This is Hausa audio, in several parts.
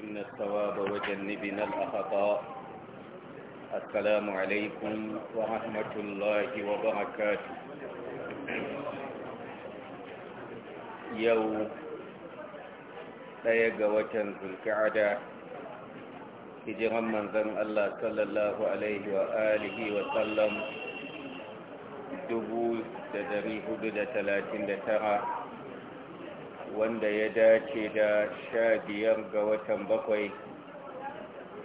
وقنا الثواب وجنبنا الأخطاء السلام عليكم ورحمة الله وبركاته يوم لا يقوتا في الكعدة هجرا من ذن الله صلى الله عليه وآله وسلم دبو تدري حدود تلاتين لترى wanda ya dace da sha biyar ga watan bakwai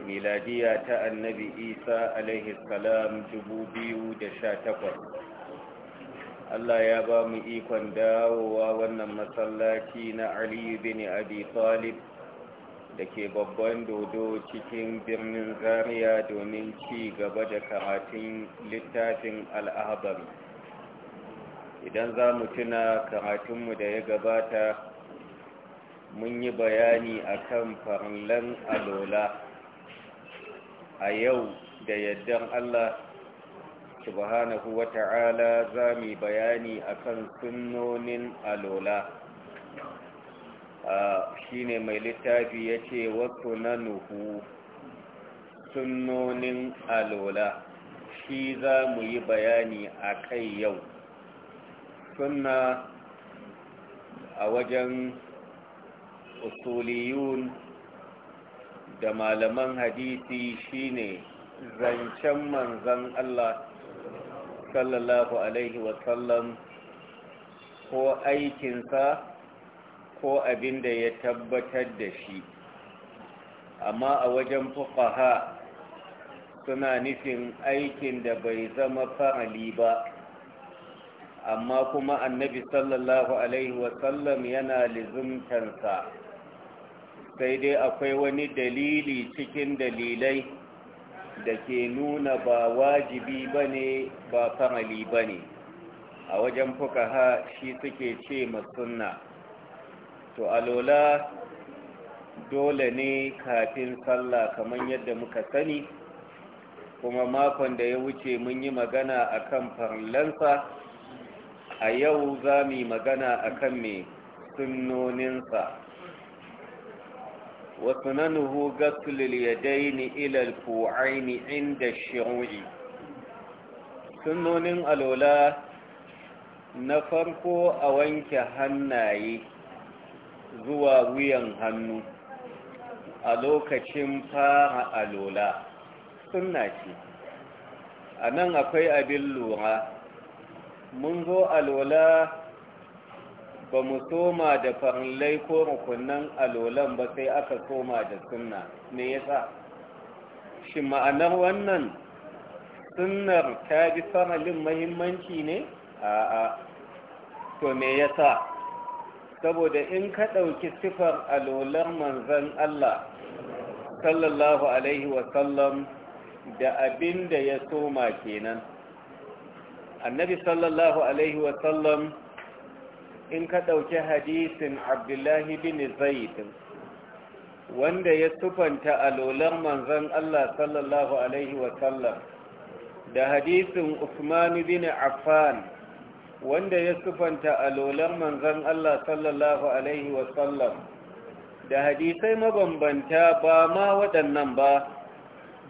miladiya ta annabi isa alaihi salam dubu biyu da sha takwas Allah ya ba mu ikon dawowa wannan masallaci na Ali bin Abi Talib da ke babban dodo cikin birnin Zaria domin ci gaba da karatun littafin al'abar. idan za mu tuna karatunmu da ya gabata mun yi bayani a akan farlan alola a yau da yaddan Allah subhanahu wa ta'ala za mu bayani a kan sunnonin alola shi ne mai littafi ya ce wasu na nuhu sunnonin alola shi za mu yi bayani a kai yau suna a wajen usuliyun da malaman hadisi shine zancen manzan Allah sallallahu alaihi wasallam ko aikinsa ko abin da ya tabbatar da shi amma a wajen fukaha suna nufin aikin da bai zama fa'ali ba amma kuma annabi sallallahu alaihi wasallam yana lizumtansa sai dai akwai wani dalili cikin dalilai da ke nuna ba wajibi ba ne ba farali ba ne a wajen fuka ha shi suke ce masunna to alola dole ne kafin sallah kamar yadda muka sani kuma makon da ya wuce mun yi magana a akan farlansa a yau za mu yi magana kan mai sunnoninsa وسننه غسل اليدين الى الفوعين عند الشروع سنن الاولى نفرق اوانك هناي زوا ويان هنو ألوك شمفار الأولى سناتي أنا أقوي أبي اللغة منذ الأولى ba mu soma da farillai ko rukunan alolan ba sai aka soma da sunna me sa? shi ma'anar wannan sunnar ta bi farallin mahimmanci ne a'a to me ya sa saboda in ka ɗauki siffar alolar manzan Allah sallallahu alaihi wasallam da abin da ya soma kenan annabi sallallahu alaihi wasallam in ka ɗauki hadisin abdullahi bin zaid wanda ya sufanta alolar manzan Allah sallallahu alaihi wasallam da hadisin Usmanu bin affan wanda ya sufanta alolar manzan Allah sallallahu alaihi wasallam da hadisai mabambanta ba ma waɗannan ba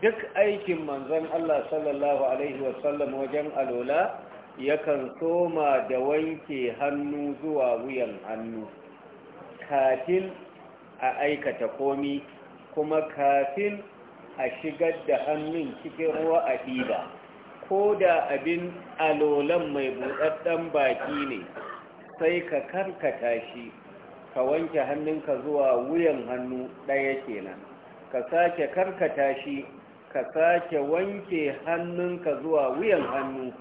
duk aikin manzan Allah sallallahu alaihi wasallam wajen alola yakan soma da wanke hannu zuwa wuyan hannu kafin a aikata komi kuma kafin a shigar da hannun cikin ruwa a ɗiba ko da abin alolan mai buɗaɗɗen baki ne sai ka karkata shi ka wanke hannunka zuwa wuyan hannu ɗaya kenan ka sake karkata shi ka sake wanke hannunka zuwa wuyan hannu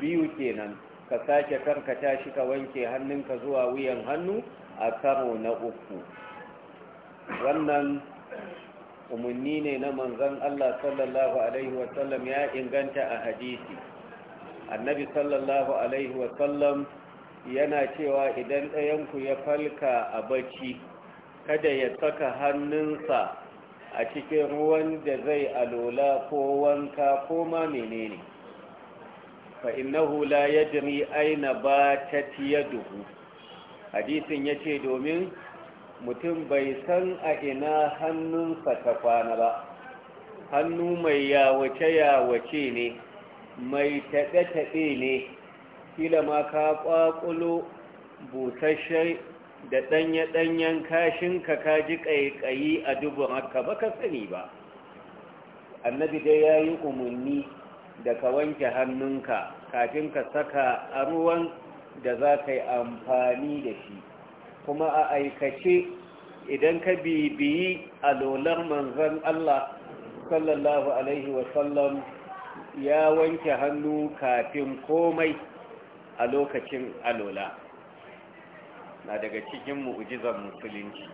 biyu kenan ka sake kanka tashi ka wanke hannunka zuwa wuyan hannu a karo na uku wannan umarni ne na manzan Allah sallallahu Alaihi wasallam ya inganta a hadisi annabi sallallahu Alaihi wasallam yana cewa idan ɗayanku ya falka a bacci kada ya saka hannunsa a cikin ruwan da zai alola ko wanka ko ma menene فإنه لا يدري aina باتت يده hadisin yace domin mutum bai san a ina hannunsa ta kwana ba hannu mai yawace-yawace ne mai taɗe-taɗe ne kila ma ka ƙwaƙulo busasshen da ɗanye-ɗanyen kashin ka ka ji ƙaiƙayi a dubin haka ba ka sani ba annabi dai ya yi umarni da ka wanke hannunka kafin ka saka a ruwan da za ka yi amfani da shi kuma a aikace idan ka bibiyi a lolar manzan Allah sallallahu Alaihi wasallam ya wanke hannu kafin komai a lokacin alola na daga cikin mu'ujizar musulunci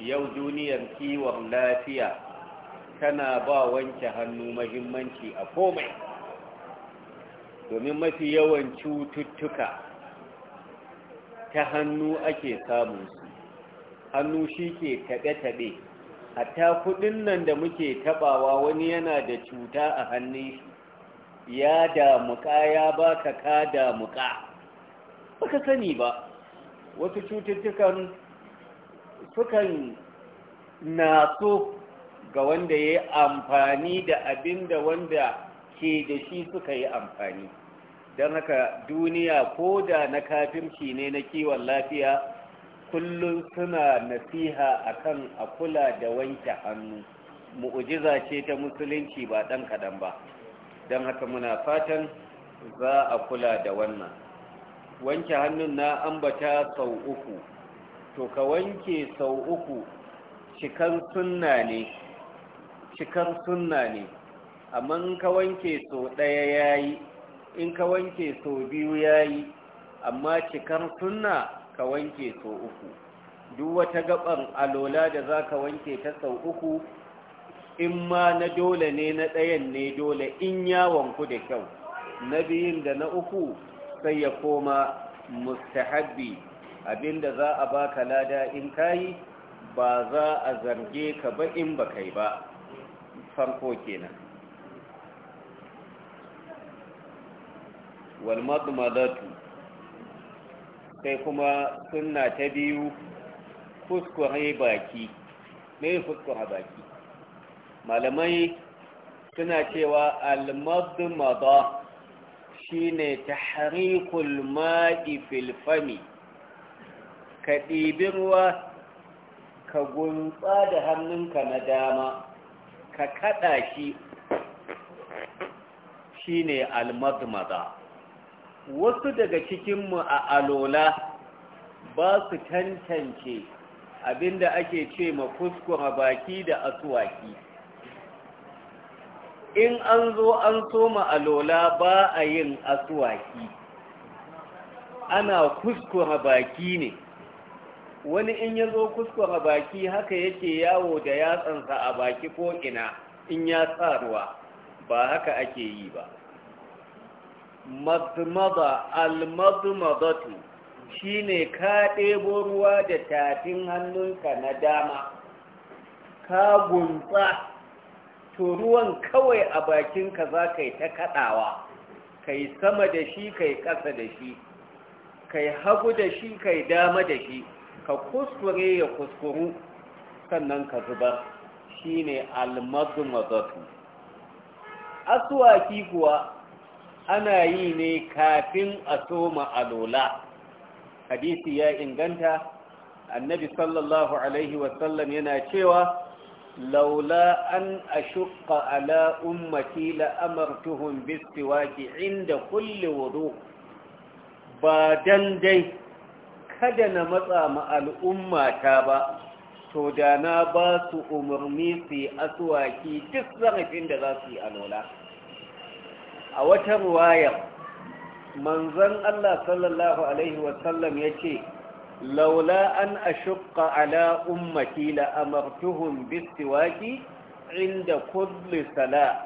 yau duniyar kiwon lafiya tana ba wanke hannu mahimmanci a komai domin mafi yawan cututtuka ta hannu ake samun su hannu shi ke taɓe-taɓe hatta kuɗin nan da muke taɓawa wani yana da cuta a hannun shi ya damuka ya baka ka damuka baka sani ba wasu cututtukan sukan na so. ga wanda ya amfani da abin da wanda ke da shi suka yi amfani don haka duniya ko da na kafirci ne na kiwon lafiya kullum suna nasiha akan a kula da wanke hannu mu'ujiza ce ta musulunci ba ɗan kaɗan ba don haka muna fatan za a kula da wannan wanke hannun na ambata sau uku to ka wanke sau uku cikan sunna ne cikar sunna ne amma in ka wanke so ɗaya ya yi in ka wanke so biyu ya yi amma cikar sunna ka wanke so uku duk wata gaban alola da za ka wanke ta sau uku in ma na dole ne na ɗayan ne dole in ya wanku da kyau na biyun da na uku sai ya koma mustahabbi abinda za a baka lada in kayi ba za a zarge ka ba in ba kai ba farko kenan walmadmadatu sai kuma sunna ta biyu kuskure baki kuskure baki malamai suna cewa almadmada shine tahrikul ma'i filfami, ka ɗibi ruwa ka gunsa da hannunka na dama ka kada shi shine almazmaza wasu daga cikinmu a alola ba su tantance abinda ake ce ma kuskura baki da asuwaki in an zo an so ma alola ba a yin asuwaki ana kuskura baki ne wani in ya zo kuskura baki haka yake yawo da yatsansa a baki ko ina in ya tsaruwa ba haka ake yi ba mazmada almazmadatu shine ka ɗebo ruwa da tafin hannunka na dama ka gunsa to ruwan kawai a bakinka za ka yi ta kaɗawa kai sama da shi ka ƙasa da shi ka hagu da shi ka dama da shi ka kuskure ya kuskuru sannan ka zubar shine almazmazatu aswaki kuwa ana yi ne kafin a soma alola hadisi ya inganta annabi sallallahu alaihi wasallam yana cewa laula an ashqa ala ummati la amartuhum bistiwaki inda kulli wudu ba dan dai kada na matsa ma al'ummata ba to da na ba su umarni su yi asuwaki duk zarafin da za su yi alola a wata ruwayar manzan Allah sallallahu Alaihi wasallam ya ce laula an shukka ala ummati la amartuhum bistiwaki inda kulli sala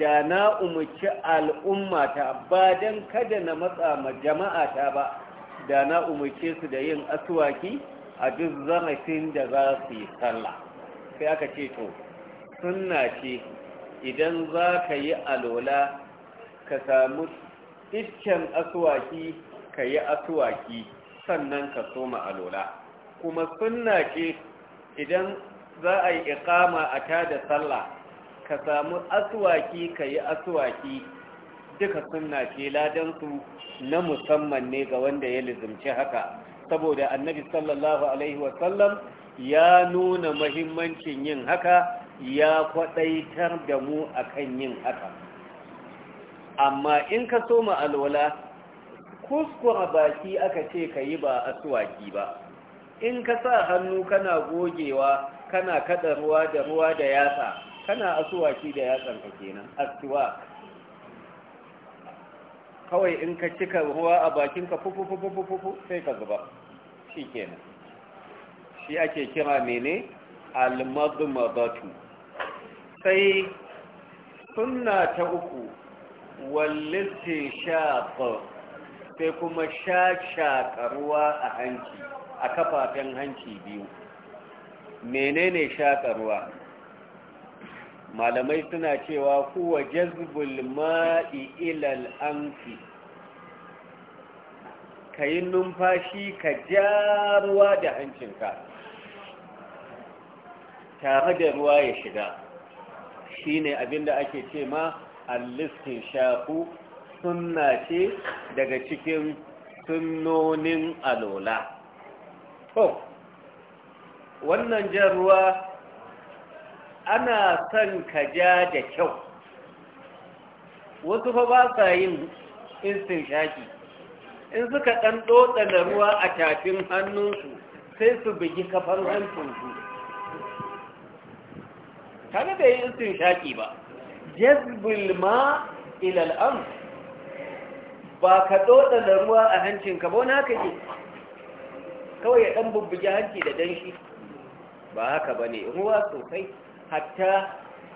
da na umarci al'ummata ba don kada na matsa ma jama'ata ba da na umarce su da yin aswaki a duk zanafin da za su yi sallah sai aka ce to sunna ce idan za ka yi alola ka samu iccen aswaki ka yi aswaki sannan ka soma alola kuma sunna ce idan za a yi ikama a tada sallah ka samu aswaki ka yi aswaki duka sunna ke ladansu na musamman ne ga wanda ya lizimci haka saboda annabi sallallahu alaihi wasallam ya nuna mahimmancin yin haka ya kwadaitar da mu akan yin haka amma in ka so mu alwala kuskura baki aka ce ka yi ba asuwaki ba in ka sa hannu kana gogewa kana kada ruwa da ruwa da yatsa kana asuwaki da yatsanka kenan asuwaki kawai in ka cika ruwa a bakinka fufufufufufu sai ka zuba shi kenan shi ake kira mene almadmadatu sai sunna ta uku wallistin shaƙa sai kuma ruwa a hanci a kafafen hanci biyu menene shaƙaruwa malamai suna cewa kuwa jazbul ma'i ilal amfi ka yi numfashi ka ja ruwa da hancinka tare da ruwa ya shiga shi ne abinda ake ce ma allistin shafu sunna ce daga cikin sunnonin alola. to wannan jan ruwa ana son ka ja da kyau wasu fa ba sa yin instin shaki in suka ɗan ɗoɗana ruwa a tafin hannunsu sai su bugi kafar hancinsu tare da yin instin shaki ba jazbil ma ilal am ba ka ɗoɗana ruwa a hancinka ba wani haka ke kawai ya ɗan bubbugi hanci da danshi ba haka ba ne ruwa sosai hatta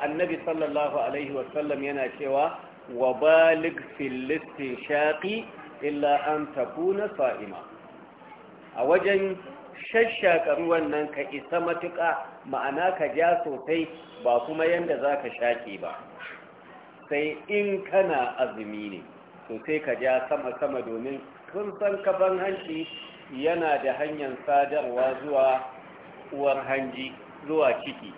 annabi sallallahu alaihi wasallam yana cewa wa balig fil listin shaqi illa an takuna sa'ima a wajen shashaka ruwan nan ka isa matuƙa ma'ana ka ja sosai ba kuma yanda za ka shaƙi ba sai in kana azumi ne sosai sai ka ja sama-sama domin kun san kafan hanci yana da hanyar sadarwa zuwa uwar hanji zuwa ciki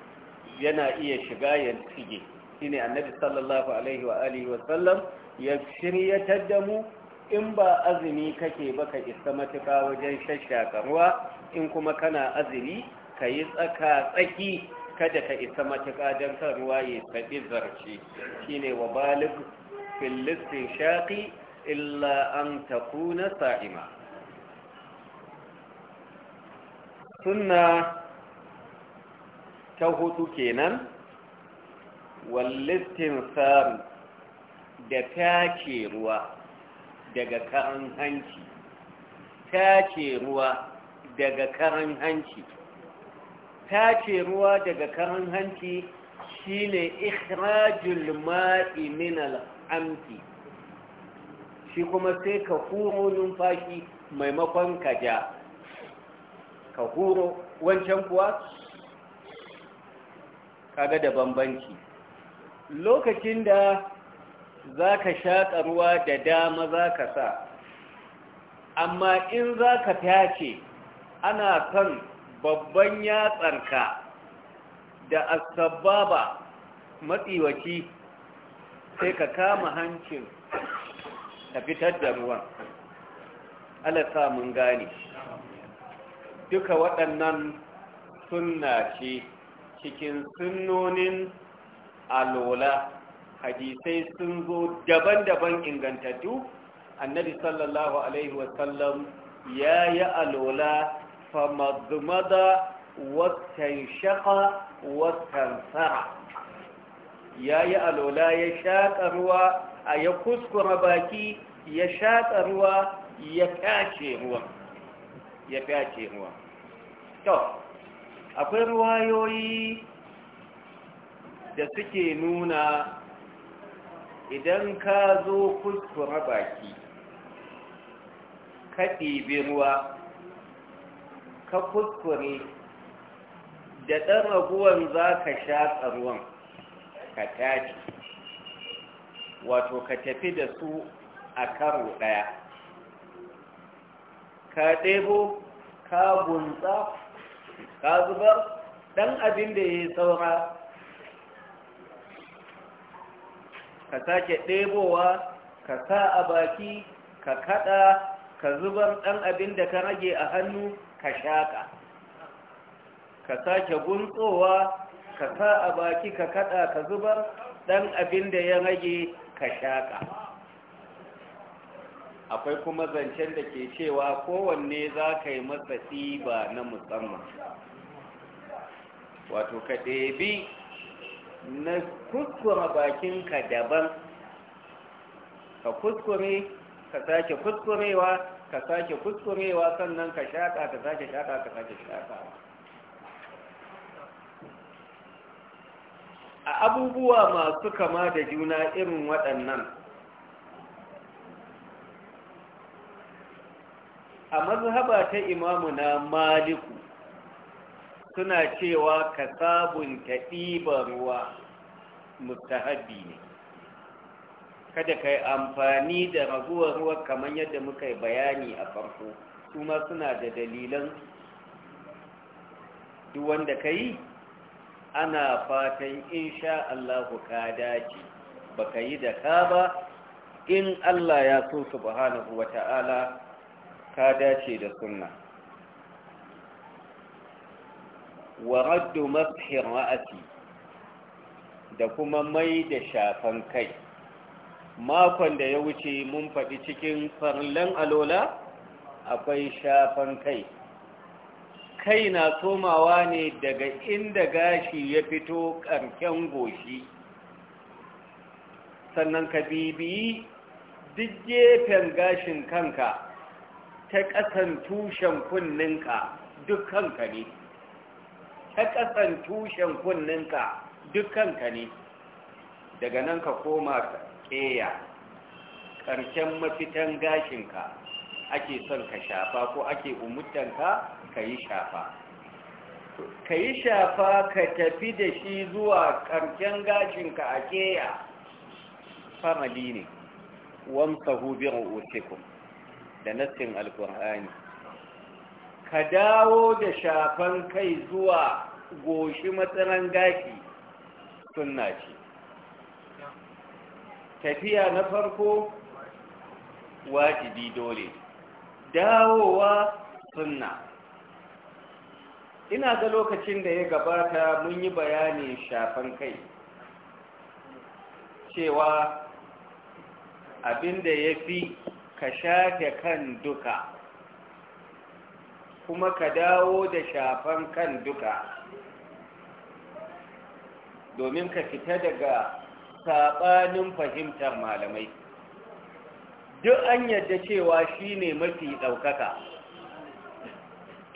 yana iya shiga ya tsige shine annabi sallallahu alaihi wa alihi wa ya shiryatar da mu in ba azumi kake ba ka isa matuƙa wajen shashaka ruwa in kuma kana azumi ka yi tsaka tsaki kada ka isa matuƙa don kan ruwa ya faɗi zarce shine wa balig filistin shaƙi illa an takuna sa'ima sunna ta hudu kenan wallistin sam da take ruwa daga karin hanci take ruwa daga karin hanci tace ruwa daga karin hanci shine ikhrajul ma'i min al shi kuma sai ka huro numfashi maimakon ka ja ka huro wancan kuwa kaga da bambanci lokacin da za ka shaƙa ruwa da dama za ka sa amma in za ka fyace ana son babban yatsarka da asababa matsiwaci sai ka kama hancin ka fitar da ruwan alasa mun gane duka waɗannan sunna ce cikin sunnonin alola hadisai sun zo daban-daban ingantattu annabi sallallahu alaihi wasallam ya yi alola famazumada watan shaƙa watan tsara ya yi alola ya shaƙa ruwa a ya kuskura baki ya shaƙa ruwa ya ƙyace ruwa ya ƙyace ruwa akwai ruwayoyi da suke nuna idan ka zo kuskura baki ka ɗibi ruwa ka kuskure da ɗan raguwan za ka sha ruwan ka tafi wato ka tafi da su a karo ɗaya ka ɗebo ka gunza ka zubar ɗan abin da ya saura ka sake ɗebowa ka sa a baki ka kaɗa ka zubar ɗan abin da ka rage a hannu ka shaƙa ka sake guntsowa ka sa a baki ka kaɗa ka zubar ɗan abin da ya rage ka shaƙa akwai kuma zancen da ke cewa kowanne za ka yi masa tsiba na musamman wato ka ɗebi na kuskura bakinka daban ka kuskure ka sake kuskurewa ka sake kuskurewa sannan ka shaƙa ka sake shaƙa ka sake shaƙa a abubuwa masu kama da juna irin waɗannan a mazhaba ta imamu na maliku suna cewa ka sabunta ɗiba ruwa mustahabi ne kada ka yi amfani da raguwar ruwa kamar yadda muka yi bayani a farko kuma suna da dalilan duk wanda ka yi ana fatan insha Allahu ka dace baka yi da ka ba in Allah ya so subhanahu ta'ala. ka dace da sunna wa raddu mashin ra'asi da kuma mai da shafan kai makon da ya wuce mun faɗi cikin farlan alola akwai shafan kai kai na tsomawa ne daga inda gashi ya fito ƙarken goshi sannan ka bibiyi duk gefen gashin kanka ta ƙasan tushen kunninka dukkanka ne ta ƙasan tushen kunninka dukkanka ne daga nan ka koma ƙeya ƙarshen mafitan gashinka ake son ka shafa ko ake umuttanka ka yi shafa ka yi shafa ka tafi da shi zuwa ƙarshen gashinka a ƙeya famali ne wamsahu bi kuma da nassin alkur'ani ka dawo da shafan kai zuwa goshi matsaran gaki sunna ce tafiya na farko wajibi dole dawowa sunna ina ga lokacin da ya gabata mun yi bayanin shafan kai cewa abinda ya fi ka shafe kan duka kuma ka dawo da shafan kan duka domin ka fita daga saɓanin fahimtar malamai duk an yadda cewa shine mafi ɗaukaka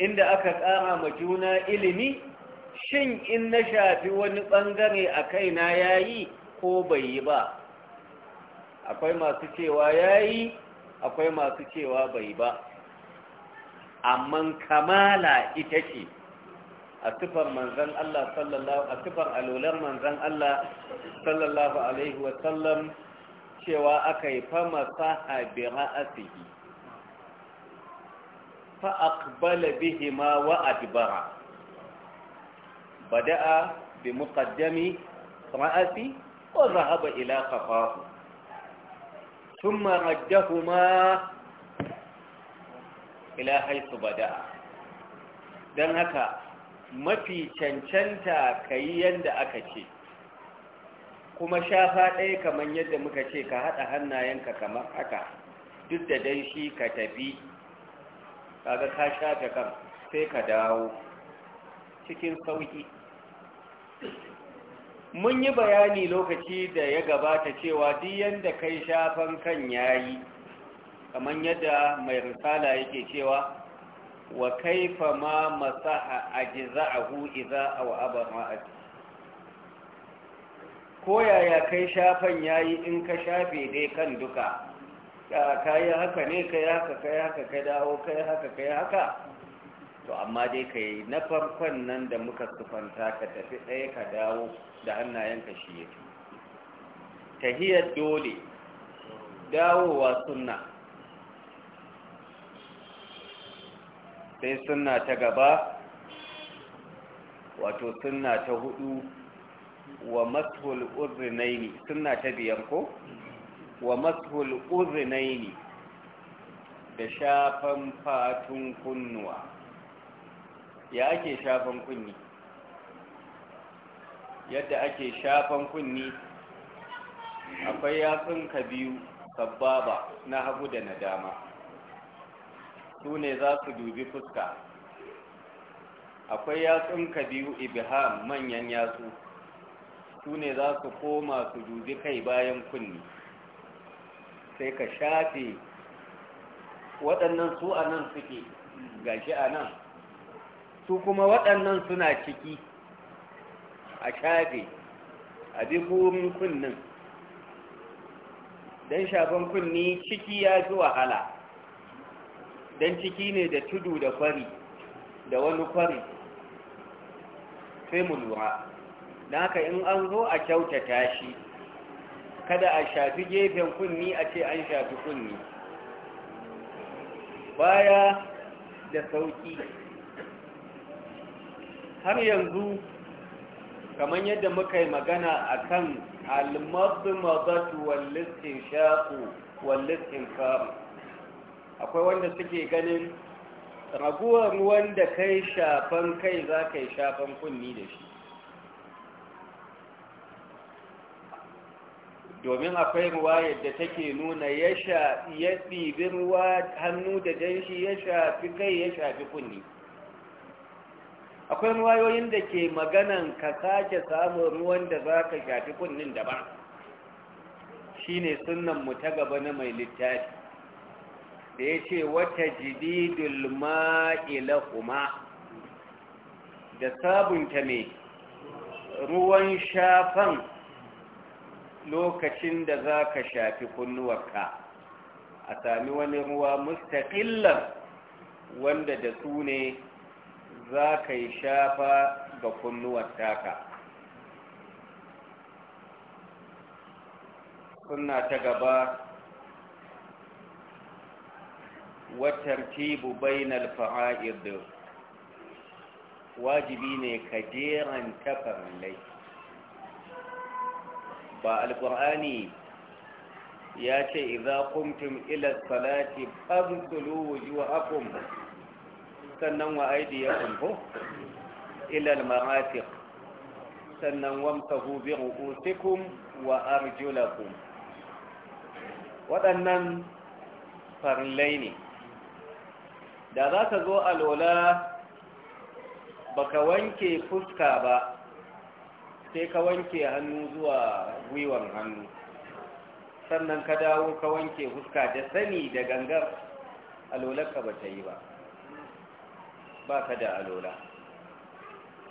inda aka ƙara ma juna ilimi shin in na shafi wani ɓangare a kaina ya yi ko bai yi ba akwai masu cewa yayi akwai masu cewa bai ba amma kamala ita ce a tufar manzan manzan Allah sallallahu alaihi wasallam cewa aka yi fama saha bi ra'asihi fa aqbala bihima wa adbara bada'a bi muqaddami ra'asi wa zahaba ila qafahu ثم ردهما ila haisu bada don haka mafi cancanta ka yi yadda aka ce kuma shafa ɗaya kamar yadda muka ce ka haɗa hannayenka kamar haka duk da dan shi ka tafi kaga ka shafe kan sai ka dawo cikin sauƙi mun yi bayani lokaci da ya gabata cewa duk yadda kai shafan kan yayi kamar yadda mai risala yake cewa wa kaifa ma masaha ajza'ahu idza aw abara'at ko yaya kai shafan yayi in ka shafe dai kan duka kai haka ne kai haka kai haka kai dawo kai haka kai haka to amma dai ka yi na farkon nan da muka sufanta ka tafi ɗaya ka dawo da hannayenka shi ya fi tahiyar dole dawowa suna, sai suna ta gaba wato suna ta hudu wa mashul suna ta biyar ko wa mashul uzinaini da shafan fatun kunnuwa ya ake shafan kunni yadda ake shafan kunni akwai yatsunka biyu sababa na hagu da na dama su ne za su dubi fuska akwai yatsunka biyu ibham manyan yatsu su ne za su koma su dubi kai bayan kunni sai ka shafe waɗannan su a nan suke gashi a nan su kuma waɗannan suna ciki a shafe a bi kunnin don shafin kunni ciki ya fi wahala don ciki ne da tudu da kwari da wani kwari sai mu lura don in an zo a kyautata shi kada a shafi gefen kunni a ce an shafi kunni baya da sauki har yanzu kamar yadda muka yi magana a kan mazatu wallistin shaƙo wallistin karu akwai wanda suke ganin raguwar wanda kai shafan kai za ka yi shafan kunni da shi domin akwai ruwa yadda take nuna ya ɗibin ruwa hannu da shi ya shafi kai ya shafi kunni akwai ruwayoyin da ke maganan ka sake samun ruwan da za ka shafi kunnin daban shi ne sunan mu ta gaba na mai littafi da ya ce wata jididul ma'ila kuma da sabunta mai ruwan shafan lokacin da za ka shafi kunnuwarka a sami wani ruwa mustaƙillar wanda da su ne za ka yi shafa ga kunnuwar taka suna ta gaba tibu bainal fa'a'id wajibi ne ka jeran tafarlai ba alkur'ani ya ce idza qumtum ila salati famsulu wujuhakum sannan wa aidi ya ila ilal marafiq sannan wamtahu bi ru'usikum wa arjulakum waɗannan farillai ne da za ka zo alola baka wanke fuska ba sai ka wanke hannu zuwa gwiwar hannu sannan ka dawo ka wanke fuska da sani da gangar alolarka ba ta yi ba baka da alola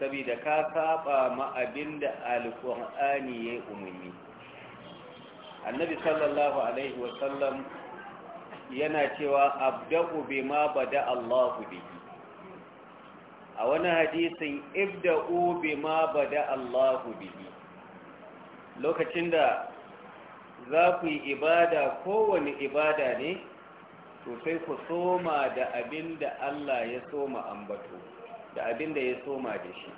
saboda ka saba ma abin da alƙur'ani ya yi annabi sallallahu alaihi wasallam yana cewa abda'u bima bada Allahu bihi a wani hadisin ibda'u bima bada Allahu bihi lokacin da za ku yi ibada kowani ibada ne to sai ku soma da abin da Allah ya soma ambato da abin ya soma da shi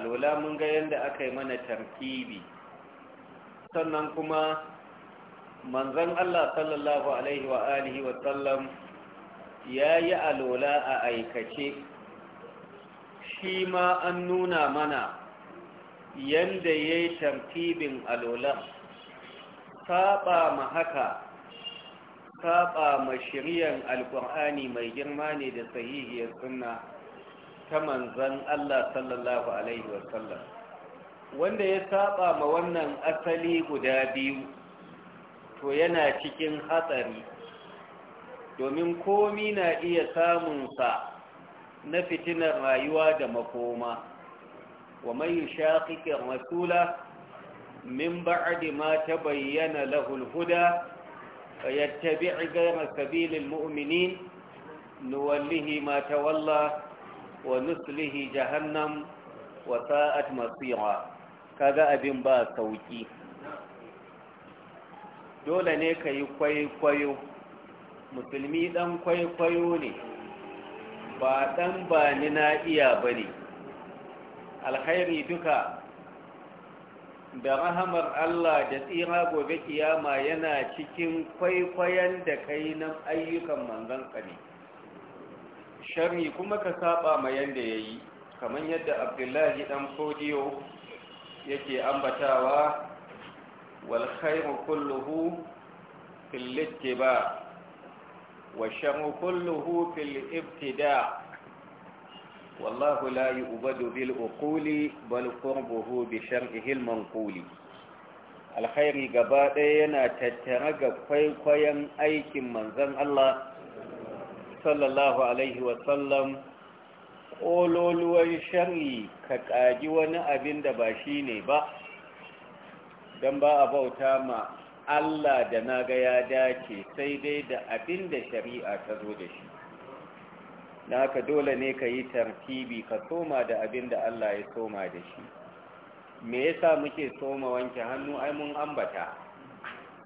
alwala mun ga yadda aka yi mana tarkibi sannan kuma manzon Allah sallallahu alaihi wa alihi wa sallam ya yi alwala a aikace shi ma an nuna mana Yanda ya yi tarkibin alwala saba ma haka saba ma shari'ar alkur'ani mai girma ne da sahihiyar sunna ta manzan Allah sallallahu alaihi wasallam wanda ya saba ma wannan asali guda biyu to yana cikin hatsari domin komi na iya samunsa na fitinar rayuwa da makoma wa mai shaƙiƙin rasula min ba'adi ma ta bayyana lahul huda ويتبع غير سبيل المؤمنين نوله ما تولى ونسله جهنم وساءت مصيرا kaga abin ba سوكي dole ne ka yi kwaikwayo musulmi ɗan kwaikwayo ne ba ɗan ba ni na iya ba ne alkhairi duka da rahamar Allah da tsira gobe kiyama yana cikin kwaikwayon da kai na ayyukan manzon ne sharri kuma ka saba ma yanda yayi kamar yadda Abdullahi ɗan Fodiyo yake ambatawa wal khairu kulluhu fil ittiba wa sharru kulluhu fil ibtida' والله لا يؤبد بالأقول بل قربه بشرعه المنقول الخير قبادينا تترق قيقيا أيك منزل الله صلى الله عليه وسلم ƙololuwar shari ka ƙaji wani abin da ba shi ne ba don ba a bauta ma Allah da naga ya dace sai dai da abinda shari'a ta zo da shi Da haka dole ne ka yi tartibi ka soma da abin da Allah ya soma da shi me yasa muke soma wanke hannu ai mun ambata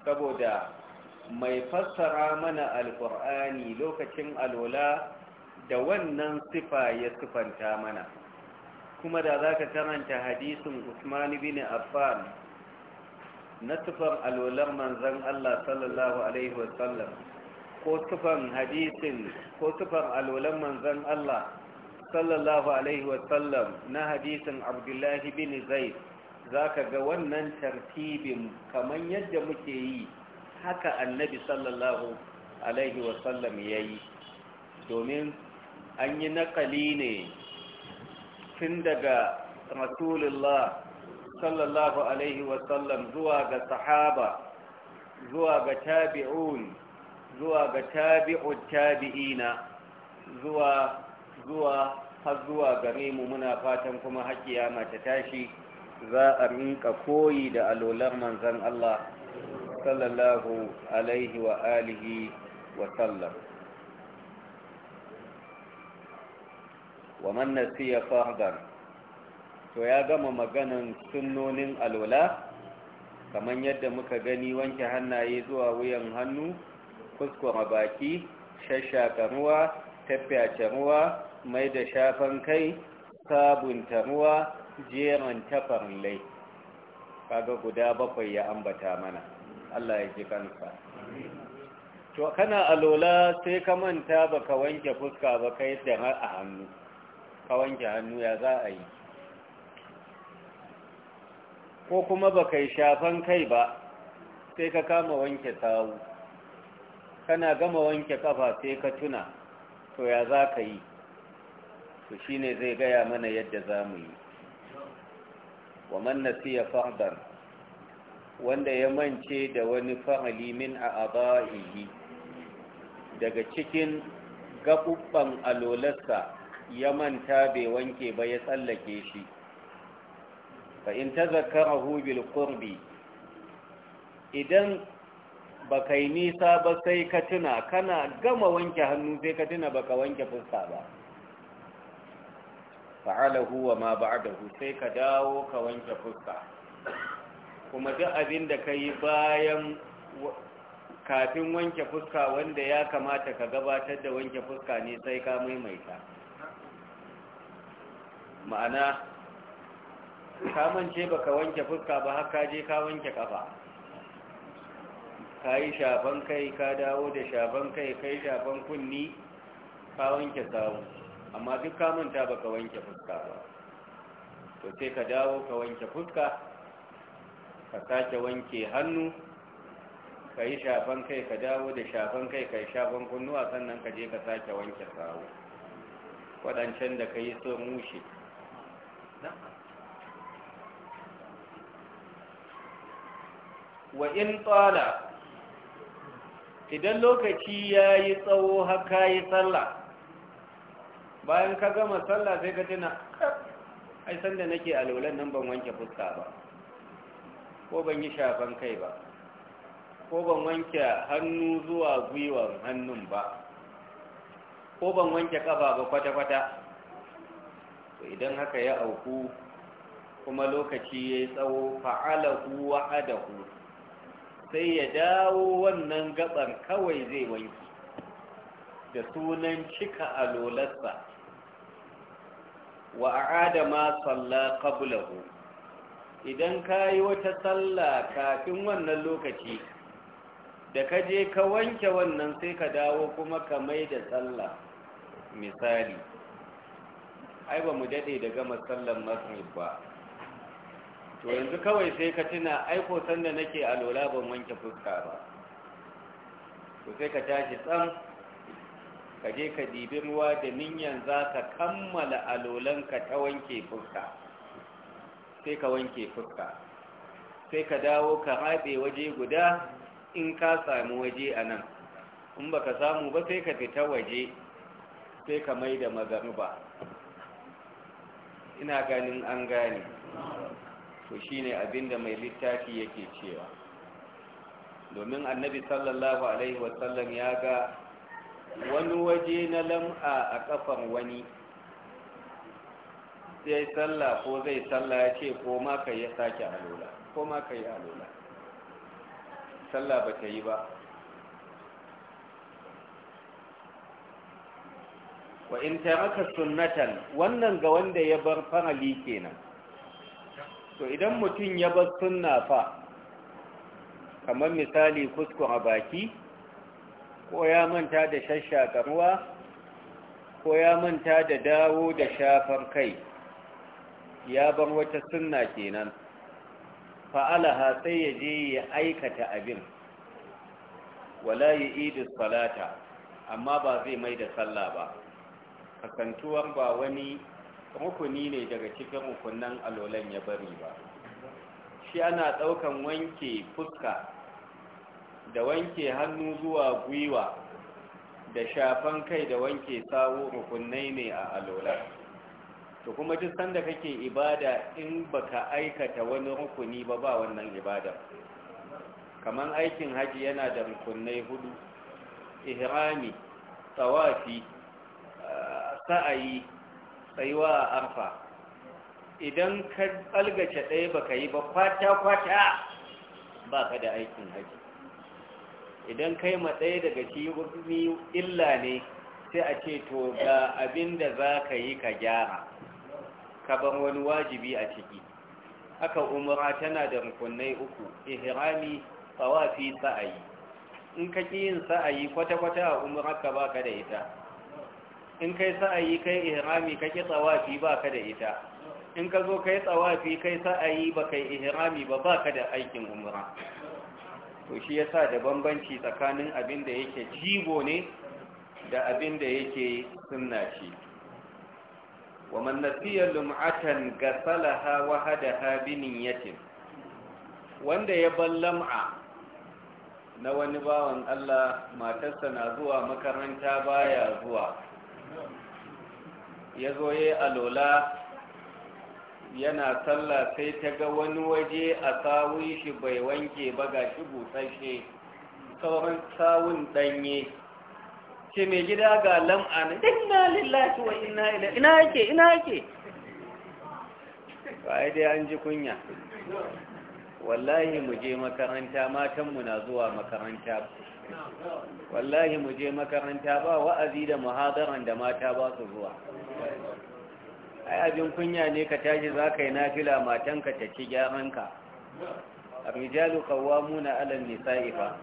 saboda mai fassara mana alkur'ani lokacin alola da wannan sifa ya sifanta mana kuma da zaka karanta hadisin usman bin affan na sifar alwalar manzon Allah sallallahu alaihi wasallam ko tufan hadisin ko tufan alwalan manzan Allah sallallahu alaihi wasallam na hadisin abdullahi bin zaid za ka ga wannan tartibin kamar yadda muke yi haka annabi sallallahu alaihi wasallam ya yi domin an yi naƙali ne tun daga rasulullah sallallahu alaihi wasallam zuwa ga sahaba zuwa ga tabi'un zuwa ga tabi'u tabi'ina zuwa zuwa har zuwa gare mu muna fatan kuma hakiya mata tashi za a rinka koyi da alolar manzan Allah sallallahu alaihi wa alihi wa sallam wa man nasiya fardan to ya gama maganan sunnonin alola kamar yadda muka gani wanke hannaye zuwa wuyan hannu kuskura baki shashaka ruwa tafiyace ruwa mai da shafan kai sabunta ruwa jeran tafarin lai kaga guda bakwai ya ambata mana Allah ya ji kansa to kana alola sai ka manta baka wanke fuska ba kai da a hannu ka wanke hannu ya za a yi ko kuma baka yi shafan kai ba sai ka kama wanke sawu kana gama wanke kafa sai ka tuna to ya za ka yi to shi ne zai gaya mana yadda za mu yi wa man siya fa'adar wanda ya mance da wani fa'ali min a aba'ihi daga cikin gaɓuɓɓen alolarsa ya manta bai wanke ba ya tsallake shi Ka ta zakara hubil kurbi idan ba kai nisa ba sai ka tuna kana gama wanke hannu sai ka tuna baka wanke fuska ba fa'alahu wa ma ba'dahu sai ka dawo ka wanke fuska kuma duk abin da kai bayan kafin wanke fuska wanda ya kamata ka gabatar da wanke fuska ne sai ka maimaita ma'ana kamance baka wanke fuska ba har ka je ka wanke kafa ka yi shafan kai ka dawo da shafan kai kai shafan kunni ka wanke sawu amma duk ka manta ba ka wanke fuska ba to sai ka dawo ka wanke fuska ka sake wanke hannu ka yi shafan kai ka dawo da shafan kai ka yi shafan a sannan ka je ka sake wanke sawu waɗancan da ka yi so mushe wa in tsala idan lokaci ya yi tsawo haka yi sallah bayan ka gama sallah sai ka tuna ai sanda nake alolan nan ban wanke fuska ba ko ban yi shafan kai ba ko ban wanke hannu zuwa gwiwan hannun ba ko ban wanke kafa ba kwata-kwata to idan haka ya auku kuma lokaci ya yi tsawo fa'alahu wa'adahu sai ya dawo wannan gabar kawai zai wanki da sunan cika alolarsa wa a'ada ma salla qablahu idan kayi wata salla kafin wannan lokaci da ka je ka wanke wannan sai ka dawo kuma ka mai da salla misali ai ba mu dade da gama maghrib ba to yanzu kawai sai ka tuna aiko sanda nake lola ban wanke fuska ba to sai ka tashi tsan ka je ka dibi ruwa da niyan za ka kammala a lolanka ta wanke fuska sai ka wanke fuska sai ka dawo ka haɗe waje guda in ka samu waje a nan in ba ka samu ba sai ka fita waje sai ka mai da ba. ina ganin an gane to shine abinda mai littafi yake cewa domin annabi sallallahu alaihi wasallam ya ga wani waje na lam'a a kafan wani sai sallah ko zai salla ya ce ko ma ka yi sake alola ko ma ka alola sallah ba ta yi ba wa in taraka sunnatan wannan ga wanda ya bar farali kenan to idan mutum ya bar sunna fa kamar misali kuskun a baki ko ya manta da shashshakar ruwa ko ya manta da dawo da shafar kai ya bar wata sunna kenan fa'alaha sai ya je ya aikata abin wala yi idis falata, amma ba zai mai da sallah ba kasantuwar ba wani rukuni ne daga cikin rukunan alolan ya bari ba shi ana daukan wanke fuska da wanke hannu zuwa gwiwa da shafan kai da wanke sawo rukunai ne a alolan to kuma duk sanda kake ibada in baka aikata wani rukuni ba ba wannan ibada kaman aikin haji yana da rukunai hudu ihrami tsawafi, sa'ayi tsayuwa a arfa idan ka algace ɗaya ba ka yi ba kwata-kwata ba ka da aikin haji idan kai ma ɗaya daga shi illa ne sai a ce to ga abin da za ka yi ka gyara ka ban wani wajibi a ciki aka umara tana da rukunai uku ihirami tsawafi sa'ayi in ka ƙi yin sa'ayi kwata-kwata a ka ba ka da ita in kai sa'ayi kai ihrami ka ki tsawafi ba ka da ita in ka zo kai tsawafi kai sa'ayi ba kai ihrami ba ba ka da aikin umra to shi yasa da bambanci tsakanin abin da yake jibo ne da abin da yake sunna shi wa man nasiya lum'atan gasalaha wa hadaha bi niyyatin wanda ya ballam'a na wani bawan Allah matarsa na zuwa makaranta baya zuwa ya zo ya alola yana sallah sai ta ga wani waje a sawun shi bai wanke ba ga shi busashe sauran sawun danye ce mai gida ga lam'a na lillahi wa ina ila ina yake ina yake ai dai an ji kunya wallahi mu je makaranta matanmu na zuwa makaranta wallahi mu je makaranta ba wa'azi da muhadaran da mata ba su zuwa ai abin kunya ne ka tashi za ka yi nafila matanka ta ci gyaranka a rijalu kawamuna alal nisa'i fa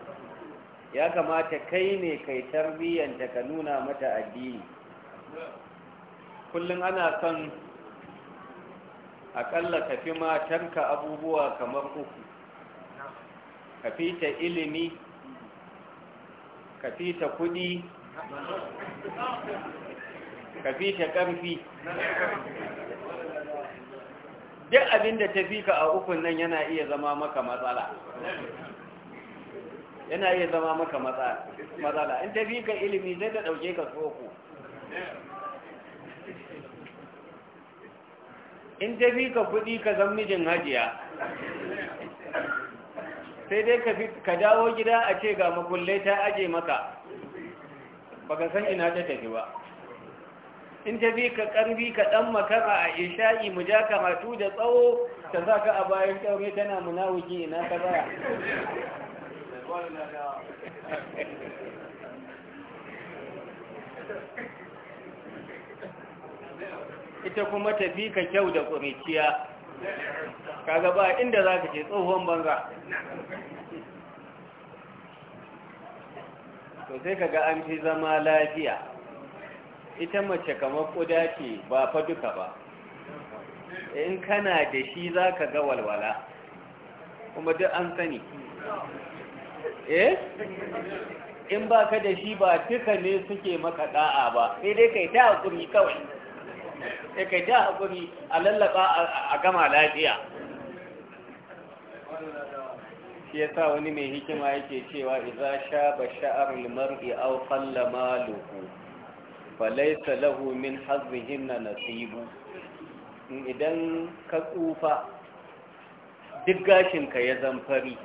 ya kamata kai ne kai tarbiyyanta ka nuna mata addini kullum ana son akalla ka fi matanka abubuwa kamar uku ka fi ta ilimi ka ta kuɗi ka ta ƙarfi duk abin da ta fi ka a ukun nan yana iya zama maka matsala yana iya zama maka matsala in ta fi ka ilimi zai ta ɗauke ka soko in ta fi ka kuɗi ka zan mijin hajiya sai dai ka dawo gida a ce ga makullai ta aje maka baka san ina ta tafi ba in ta bi ka karbi ka dan makara a isha'i mu ja karatu da tsawo ta za ka a bayan kyaure tana munawuki ina ka baya ita kuma tafi ka kyau da ƙuriciya kaga ba inda za ka ce tsohon banza to sai kaga an fi zama lafiya ita mace kamar kuda ce ba fa duka ba in kana da shi za ka ga walwala kuma duk an sani eh in ba ka da shi ba duka ne suke maka da'a ba sai dai ka yi ta hakuri kawai sai kai ta haƙuri a lallaba a gama lafiya shi ya sa wani mai hikima yake cewa iza sha ba sha'arul au falla qalla maluhu falaysa lahu min na nasibu idan ka tsufa duk gashinka ya zan fari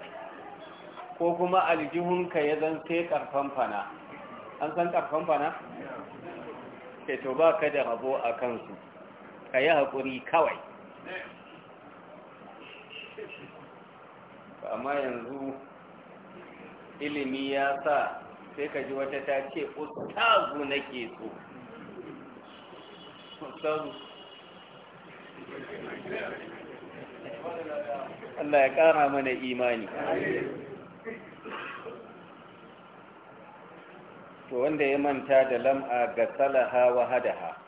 ko kuma aljihunka ya zan sai karfan fana an san karfan fana? to ba ka da rabo a kansu ka yi haƙuri kawai amma yanzu ilimi ya sa sai ka ji wata ta ce ustazu nake so ustazu Allah ya ƙara mana imani to wanda ya manta da lam'a ga salaha wa hadaha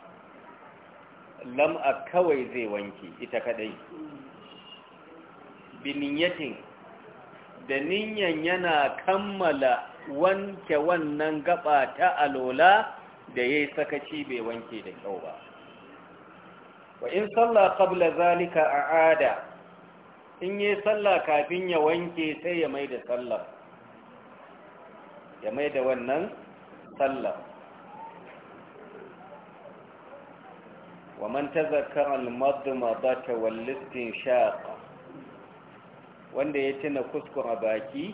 lam'a kawai zai wanke ita kadai biniyatin da niyan yana kammala wanke wannan gaba ta alola da ya yi sakaci bai wanke da kyau ba wa in salla kabla zalika a ada, in yi salla kafin ya wanke sai ya mai da sallar ya mai da wannan sallar ومن تذكر المضمضة والاستنشاق wanda ya tuna kuskura baki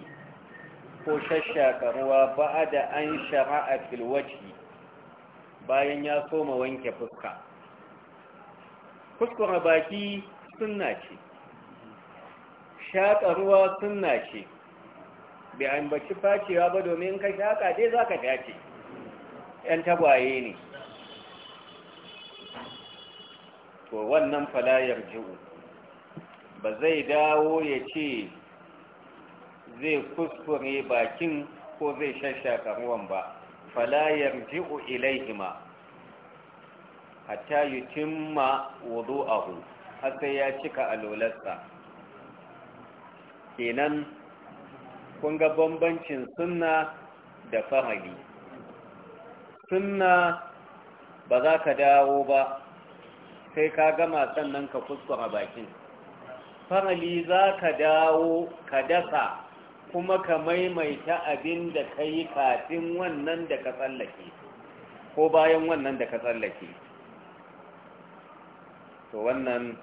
ko shashaka ruwa ba da an shara'a filwaci bayan ya soma wanke fuska kuskura baki sunna ce shaƙa ruwa sunna ce bai ambaci facewa ba domin ka shaƙa dai za ka dace ‘yan tagwaye ne to wannan falayar ji'u ba zai dawo ya ce zai kuskure bakin ko zai shashaka ruwan ba falayar ji'u ilaihima hatta yi cimma wudu'ahu har sai ya cika alolarsa kenan kun ga bambancin sunna da fahimi sunna ba za ka dawo ba Kai ka gama sannan ka kuskura bakin farali za ka dawo ka dasa kuma ka maimaita abin da ka yi kafin wannan da ka tsallake ko bayan wannan da ka tsallake to wannan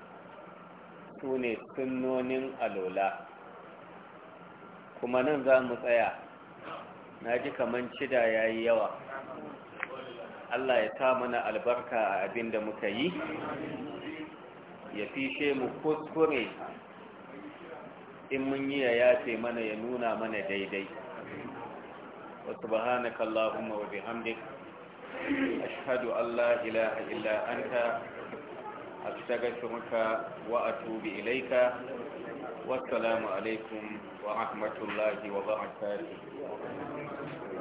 su ne sunonin alola kuma nan za mu tsaya na ji kaman cida ya yi yawa Allah ya ta mana albarka a abin da muka yi ya fishe mu kuskure in mun yi ya yace mana ya nuna mana daidai wa subhanaka allahumma wa bihamdik ashhadu an la ilaha illa anta astaghfiruka wa atubu ilayka wassalamu alaikum wa rahmatullahi wa barakatuh